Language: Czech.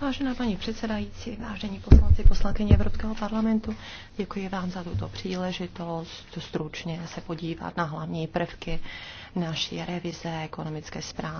Vážená paní předsedající, vážení poslanci, poslankyně Evropského parlamentu, děkuji vám za tuto příležitost stručně se podívat na hlavní prvky naší revize ekonomické zprávy